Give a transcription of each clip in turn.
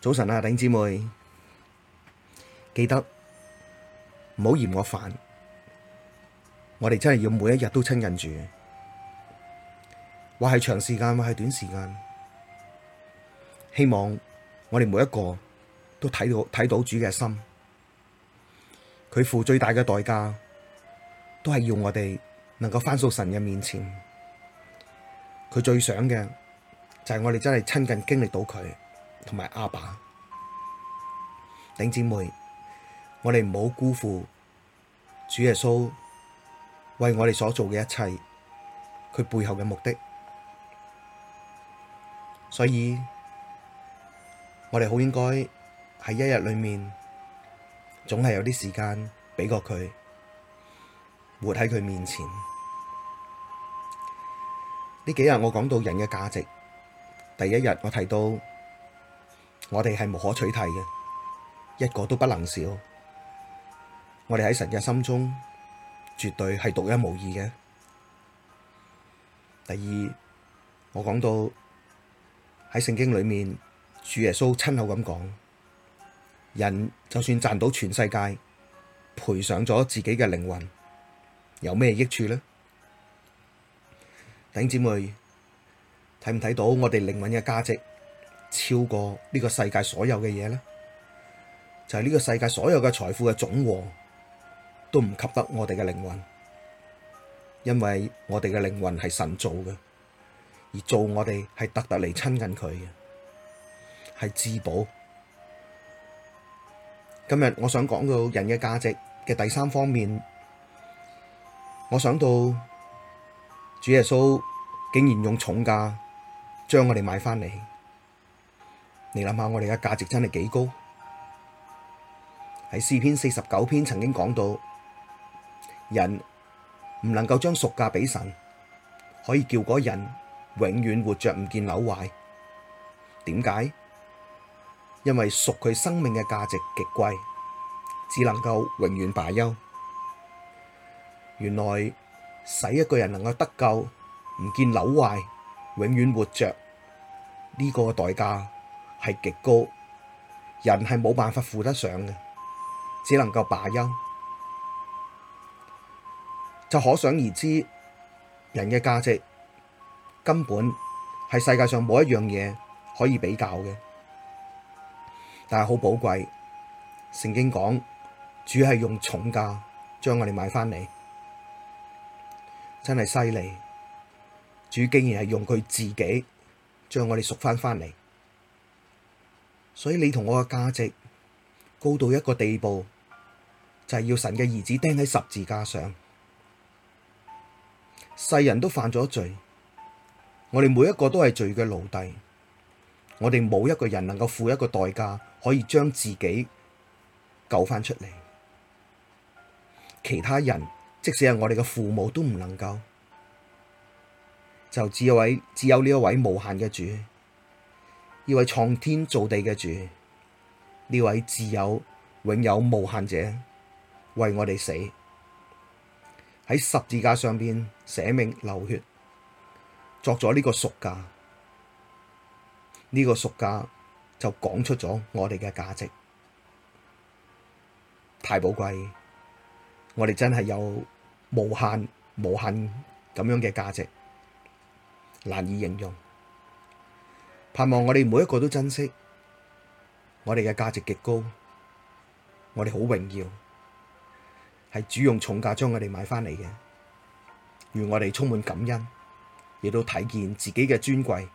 早晨啊，頂姊妹，記得唔好嫌我煩，我哋真係要每一日都親近住，或係長時間，或係短時間，希望我哋每一個都睇到睇到主嘅心，佢付最大嘅代價，都係要我哋能夠翻到神嘅面前，佢最想嘅就係我哋真係親近經歷到佢。同埋阿爸，頂姊妹，我哋唔好辜負主耶穌為我哋所做嘅一切，佢背後嘅目的。所以，我哋好應該喺一日裏面，總係有啲時間畀過佢，活喺佢面前。呢幾日我講到人嘅價值，第一日我睇到。我哋係無可取替嘅，一個都不能少。我哋喺神嘅心中絕對係獨一無二嘅。第二，我講到喺聖經裏面，主耶穌親口咁講：人就算賺到全世界，賠上咗自己嘅靈魂，有咩益處呢？弟兄姊妹睇唔睇到我哋靈魂嘅價值？超過呢個世界所有嘅嘢咧，就係呢個世界所有嘅財富嘅總和都唔及得我哋嘅靈魂，因為我哋嘅靈魂係神造嘅，而造我哋係特特嚟親近佢嘅，係至寶。今日我想講到人嘅價值嘅第三方面，我想到主耶穌竟然用重價將我哋買翻嚟。你諗下，我哋嘅價值真係幾高。喺詩篇四十九篇曾經講到，人唔能夠將贖價俾神，可以叫嗰人永遠活着唔見朽壞。點解？因為贖佢生命嘅價值極貴，只能夠永遠罷休。原來使一個人能夠得救、唔見朽壞、永遠活着呢，這個代價，係極高，人係冇辦法付得上嘅，只能夠罷休。就可想而知，人嘅價值根本係世界上冇一樣嘢可以比較嘅，但係好寶貴。聖經講，主係用重價將我哋買翻嚟，真係犀利。主竟然係用佢自己將我哋贖翻翻嚟。所以你同我嘅價值高到一個地步，就係要神嘅兒子釘喺十字架上。世人都犯咗罪，我哋每一個都係罪嘅奴隸，我哋冇一個人能夠付一個代價可以將自己救翻出嚟。其他人，即使係我哋嘅父母，都唔能夠。就只有一位，只有呢一位無限嘅主。呢位創天造地嘅主，呢位自有、永有、無限者，為我哋死喺十字架上邊捨命流血，作咗呢個贖價。呢、這個贖價就講出咗我哋嘅價值，太寶貴。我哋真係有無限、無限咁樣嘅價值，難以形容。盼望我哋每一個都珍惜，我哋嘅價值極高，我哋好榮耀，係主用重價將我哋買翻嚟嘅，願我哋充滿感恩，亦都睇見自己嘅尊貴，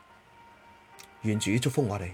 願主祝福我哋。